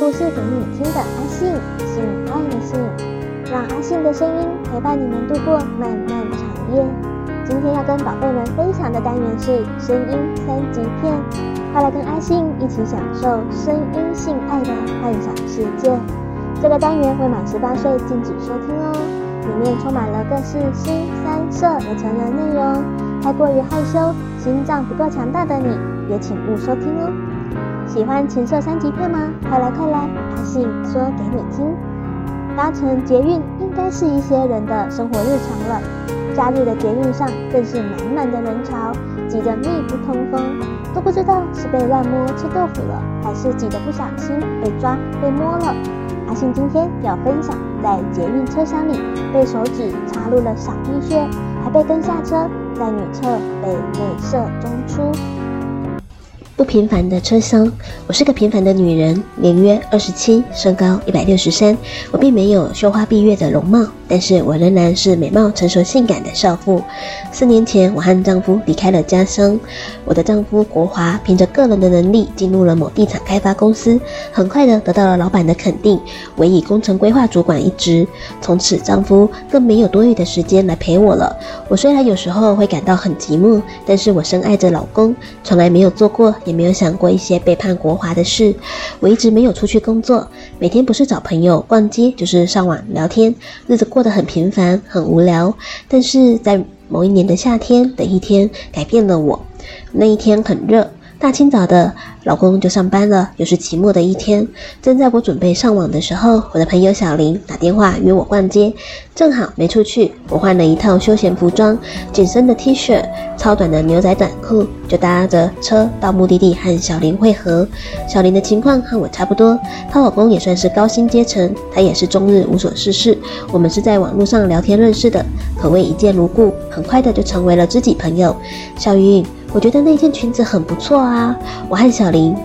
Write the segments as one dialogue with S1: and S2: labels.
S1: 故事給你聽的阿性，性愛的性，讓阿性的聲音陪伴你們度過漫漫長夜。今天要跟寶貝們分享的單元是聲音三級片，快來跟阿性一起享受聲音性愛的幻想世界。這個單元未滿十八歲禁止收聽哦，裡面充滿了各式新三色的成人內容，太過於害羞、心臟不夠強大的你也請勿收聽哦。喜歡情色三級片嗎？快來快來！阿信說給你聽。搭乘捷運應該是一些人的生活日常了，假日的捷運上更是滿滿的人潮，擠得密不通風，都不知道是被亂摸吃豆腐了，還是擠得不小心被抓被摸了。阿信今天要分享在捷運車廂裡被手指插入了小蜜穴，還被跟下車，在女廁被內射中出。
S2: 不平凡的車廂。我是個平凡的女人，年約二十七，身高一百六十三，我並沒有羞花閉月的容貌。但是我仍然是美貌、成熟、性感的少婦。四年前，我和丈夫離開了家鄉。我的丈夫國華憑着個人的能力進入了某地產開發公司，很快的得到了老闆的肯定，委以工程規劃主管一職。從此，丈夫更沒有多餘的時間來陪我了。我雖然有時候會感到很寂寞，但是我深愛着老公，從來沒有做過，也沒有想過一些背叛國華的事。我一直沒有出去工作，每天不是找朋友逛街，就是上網聊天，日子過。過得很平凡，很無聊，但是在某一年的夏天的一天，改變了我。那一天很熱。大清早的，老公就上班了，又是寂寞的一天。正在我準備上網的時候，我的朋友小林打電話約我逛街，正好沒出去，我換了一套休閒服裝，緊身的 T 恤，超短的牛仔短褲，就搭着車到目的地和小林會合。小林的情況和我差不多，她老公也算是高薪階層，她也是終日無所事事。我們是在網絡上聊天認識的，可謂一見如故，很快的就成為了知己朋友。小雲。我覺得那件裙子很不錯啊！我和小林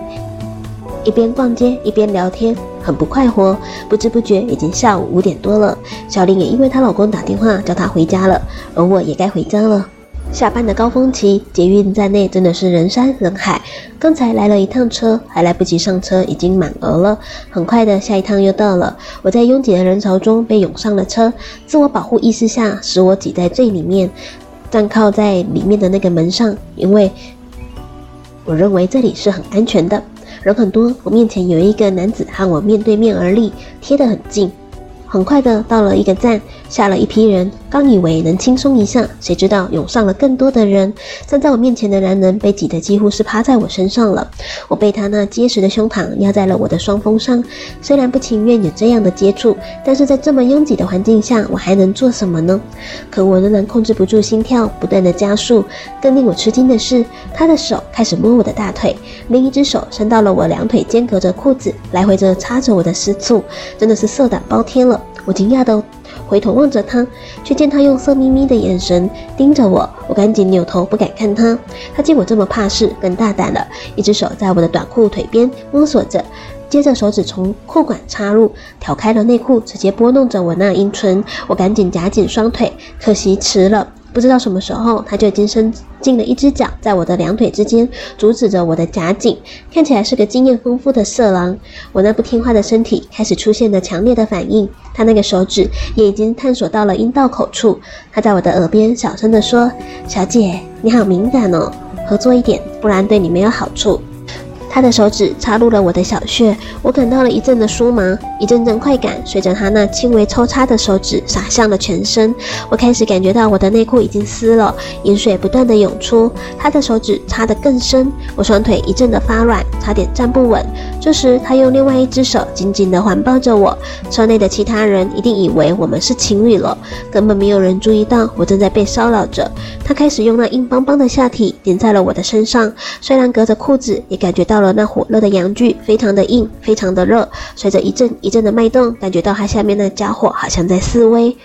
S2: 一邊逛街一邊聊天，很不快活。不知不覺已經下午五點多了，小林也因為她老公打電話叫她回家了，而我也該回家了。下班的高峰期，捷運站內真的是人山人海。剛才來了一趟車，還來不及上車，已經滿額了。很快的，下一趟又到了。我在擁擠的人潮中被湧上了車，自我保護意識下，使我擠在最裡面。站靠在裡面的那個門上，因為我認為這裡是很安全的，人很多。我面前有一個男子和我面對面而立，貼得很近。很快的到了一個站，下了一批人。剛以為能輕鬆一下，誰知道湧上了更多的人。站在我面前的男人被擠得幾乎是趴在我身上了。我被他那結實的胸膛壓在了我的雙峰上，雖然不情願有這樣的接觸，但是在這麼擁擠的環境下，我還能做什麼呢？可我仍然控制不住心跳，不斷的加速。更令我吃驚的是，他的手開始摸我的大腿，另一隻手伸到了我兩腿間隔着褲子，來回着擦着我的私處，真的是色膽包天了。我驚訝的回頭望着他，卻見他用色眯眯的眼神盯着我。我趕緊扭頭，不敢看他。他見我這麼怕事，更大膽了，一隻手在我的短褲腿邊摸索着，接着手指從褲管插入，挑開了內褲，直接撥弄着我那陰唇。我趕緊夾緊雙腿，可惜遲了。不知道什麼時候，他就已經伸進了一隻腳，在我的兩腿之間阻止着我的夾緊，看起來是個經驗豐富的色狼。我那不聽話的身體開始出現了強烈的反應，他那個手指也已經探索到了陰道口處。他在我的耳邊小聲地說：“小姐，你好敏感哦，合作一點，不然對你沒有好處。”他的手指插入了我的小穴，我感到了一陣的酥麻，一陣陣快感隨着他那輕微抽插的手指灑向了全身。我開始感覺到我的內褲已經濕了，淫水不斷的湧出。他的手指插得更深，我雙腿一陣的發軟，差點站不穩。這時，他用另外一隻手緊緊的環抱着我。車內的其他人一定以為我們是情侶了，根本沒有人注意到我正在被騷擾着。他開始用那硬邦邦的下體頂在了我的身上，雖然隔着褲子，也感覺到了。了那火熱的陽具，非常的硬，非常的熱，隨着一陣一陣的脈動，感覺到它下面那家伙好像在示威。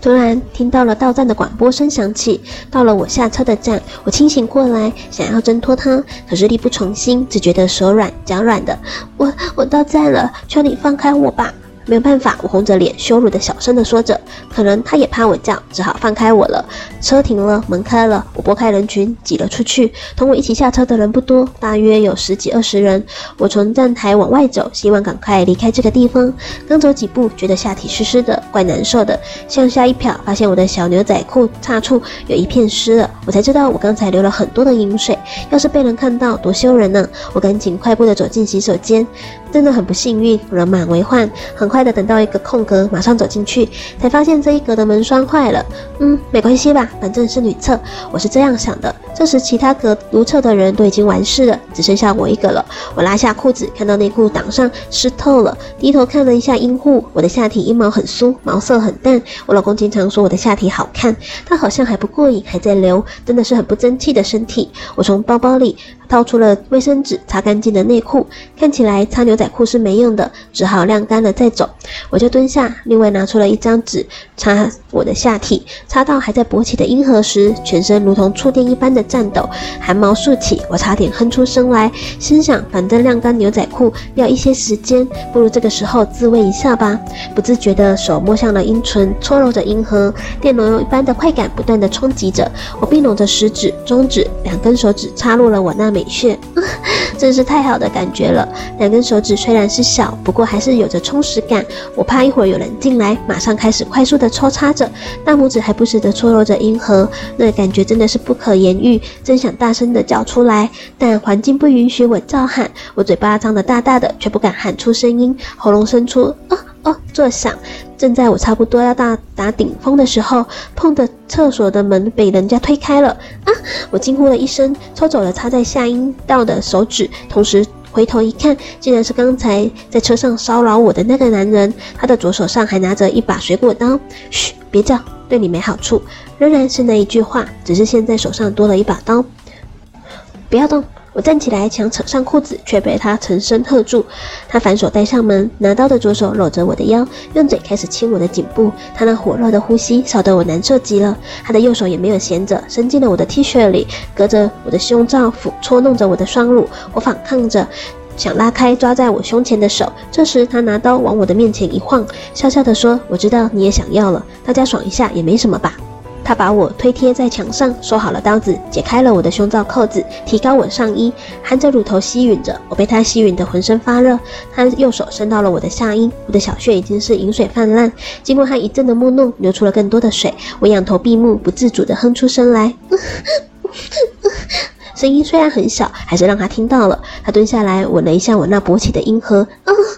S2: 突然聽到了到站的廣播聲響起，到了我下車的站，我清醒過來，想要掙脫它，可是力不從心，只覺得手軟腳軟的。我我到站了，求你放開我吧。沒有辦法，我紅着臉羞辱的小聲的說着，可能他也怕我叫，只好放開我了。車停了，門開了，我撥開人群擠了出去。同我一起下車的人不多，大約有十幾二十人。我從站台往外走，希望趕快離開這個地方。剛走幾步，覺得下體濕濕的，怪難受的。向下一瞟，發現我的小牛仔褲叉處有一片濕了，我才知道我剛才流了很多的淫水，要是被人看到，多羞人呢、啊。我趕緊快步的走進洗手間，真的很不幸運，人滿為患，很。很快的，等到一個空格，馬上走進去，才發現這一格的門栓壞了。嗯，沒關係吧，反正是女廁，我是這樣想的。這時其他格如廁的人都已經完事了，只剩下我一個了。我拉下褲子，看到內褲襠上濕透了，低頭看了一下陰戶，我的下體陰毛很疏，毛色很淡。我老公經常說我的下體好看，他好像還不過癮，還在流，真的是很不爭氣的身體。我從包包裡。掏出了衛生紙，擦乾淨的內褲，看起來擦牛仔褲是沒用的，只好晾乾了再走。我就蹲下，另外拿出了一張紙，擦我的下體，擦到還在勃起的陰核時，全身如同觸電一般的顫抖，寒毛豎起，我差點哼出聲來，心想反正晾乾牛仔褲要一些時間，不如這個時候自慰一下吧。不自覺的手摸向了陰唇，搓揉着陰核，電流一般的快感不斷的衝擊着我，併攏着食指、中指兩根手指插入了我那美。 真是太好的感覺了，兩根手指雖然是小，不過還是有着充實感。我怕一會兒有人進來，馬上開始快速的抽插着，大拇指還不時的搓揉着陰核。那個、感覺真的是不可言喻，真想大聲的叫出來，但環境不允許我叫喊，我嘴巴張得大大的，卻不敢喊出聲音，喉嚨深處。啊哦，坐下。正在我差不多要到達頂峰的時候，碰的廁所的門被人家推開了。啊，我驚呼了一聲，抽走了插在下陰道的手指，同時回頭一看，竟然是剛才在車上騷擾我的那個男人，他的左手上還拿着一把水果刀。噓，別叫，對你沒好處。仍然是那一句話，只是現在手上多了一把刀。不要動。我站起來想扯上褲子，卻被他沉聲喝住。他反手帶上門，拿刀的左手摟着我的腰，用嘴開始親我的頸部。他那火熱的呼吸燒得我難受極了。他的右手也沒有閒着，伸進了我的 T 恤裡，隔着我的胸罩撫搓弄着我的雙乳。我反抗着，想拉開抓在我胸前的手。這時他拿刀往我的面前一晃，笑笑地說：“我知道你也想要了，大家爽一下也沒什麼吧。”他把我推貼在牆上，收好了刀子，解開了我的胸罩釦子，提高我上衣，含着乳頭吸吮着我，被他吸吮得渾身發熱。他右手伸到了我的下陰，我的小穴已經是淫水氾濫。經過他一陣的摸弄，流出了更多的水。我仰頭閉目，不自主的哼出聲來， 聲音雖然很小，還是讓他聽到了。他蹲下來吻了一下我那勃起的陰核，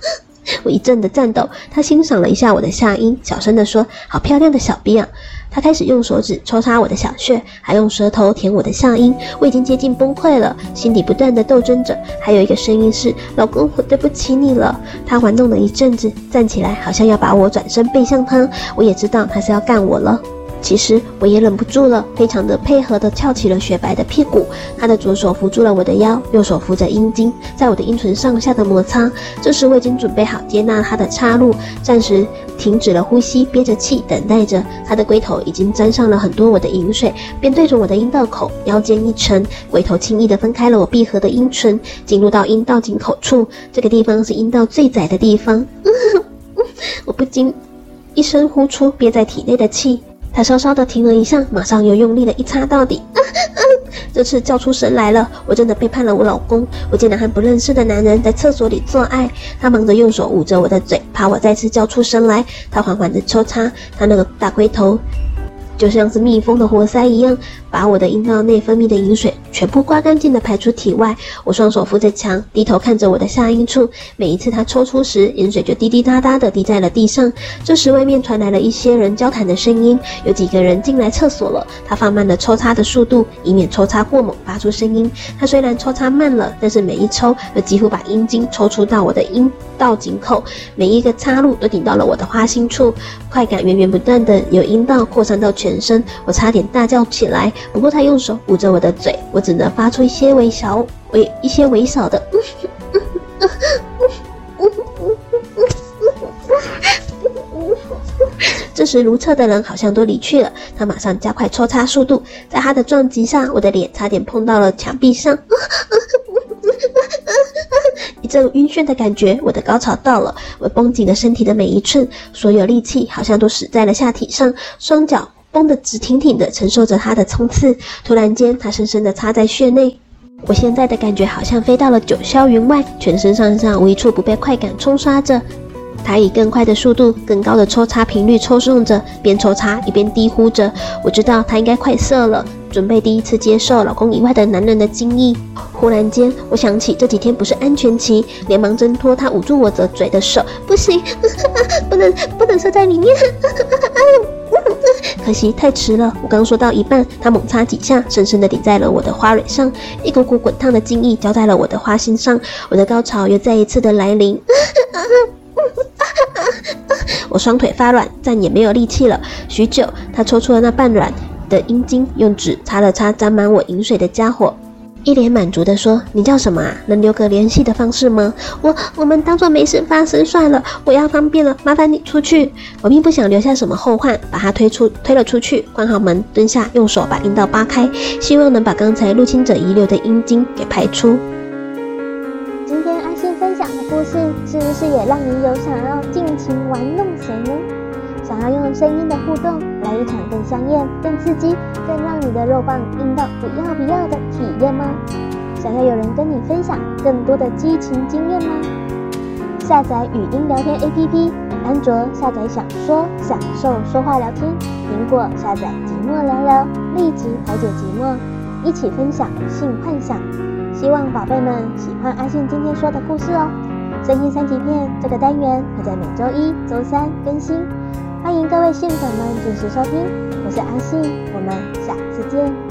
S2: 我一陣的顫抖。他欣賞了一下我的下陰，小聲的說：“好漂亮的小 B 啊。”他開始用手指抽插我的小穴，還用舌頭舔我的下陰，我已經接近崩潰了，心底不斷的鬥爭着。還有一個聲音是：“老公，我對不起你了。”他玩弄了一陣子，站起來，好像要把我轉身背向他，我也知道他是要幹我了。其實我也忍不住了，非常的配合的翹起了雪白的屁股。他的左手扶住了我的腰，右手扶着陰莖，在我的陰唇上下的摩擦。這時我已經準備好接納他的插入，暫時停止了呼吸，憋着氣等待着。他的龜頭已經沾上了很多我的淫水，便對着我的陰道口，腰間一沉，龜頭輕易的分開了我閉合的陰唇，進入到陰道頸口處。這個地方是陰道最窄的地方。 我不禁一聲呼出憋在體內的氣。他稍稍的停了一下，馬上又用力的一插到底，這 次叫出聲來了。我真的背叛了我老公，我竟然和不認識的男人在廁所裡做愛，他忙着用手捂着我的嘴，怕我再次叫出聲來。他緩緩的抽插他那個大龜頭。就像是密封的活塞一樣，把我的陰道內分泌的淫水全部刮乾淨的排出體外。我雙手扶着牆，低頭看着我的下陰處。每一次他抽出時，淫水就滴滴答答的滴在了地上。這時，外面傳來了一些人交談的聲音，有幾個人進來廁所了。他放慢了抽插的速度，以免抽插過猛發出聲音。他雖然抽插慢了，但是每一抽都幾乎把陰莖抽出到我的陰道井口，每一個插入都頂到了我的花心處，快感源源不斷的由陰道擴散到全。全身，我差點大叫起來。不過他用手捂着我的嘴，我只能發出一些微小、微一些微小的。 這時，如廁的人好像都離去了。他馬上加快抽插速度，在他的撞擊下，我的臉差點碰到了牆壁上。 一陣暈眩的感覺，我的高潮到了。我繃緊了身體的每一寸，所有力氣好像都死在了下體上，雙腳。繃得直挺挺的，承受着他的衝刺。突然間，他深深地插在穴內。我現在的感覺好像飛到了九霄雲外，全身上下無一處不被快感衝刷着。他以更快的速度、更高的抽插頻率抽送着，邊抽插一邊低呼着。我知道他應該快射了，準備第一次接受老公以外的男人的精液。忽然間，我想起這幾天不是安全期，連忙掙脫他捂住我的嘴的手。不行， 不能不能射在裡面。 哎可惜太遲了，我剛說到一半，他猛插幾下，深深地頂在了我的花蕊上，一股股滾燙的精液澆在了我的花心上，我的高潮又再一次的來臨，我雙腿發軟，再也沒有力氣了。許久，他抽出了那半軟的陰莖，用紙擦了擦沾滿我淫水的傢伙。一臉滿足地說：“你叫什麼啊？能留個聯繫的方式嗎？我我們當做沒事發生算了。我要方便了，麻煩你出去。我並不想留下什麼後患，把他推出，推了出去，關好門，蹲下，用手把陰道扒開，希望能把剛才入侵者遺留的陰莖給排出。今天阿性分
S1: 享的故事，是不是也讓你有想要盡情玩弄誰呢？想要用聲音的互動？”來一場更香艷、更刺激、更讓你的肉棒硬到不要不要的體驗嗎？想要有人跟你分享更多的激情經驗嗎？下載語音聊天 APP，安卓下載享說享受說話聊天，蘋果下載寂寞聊聊立即排解，解寂寞，一起分享性幻想。希望寶貝們喜歡阿性今天說的故事哦。聲音三級片這個單元會在每週一、週三更新。歡迎各位性粉們準時收聽，我是阿性，我們下次見。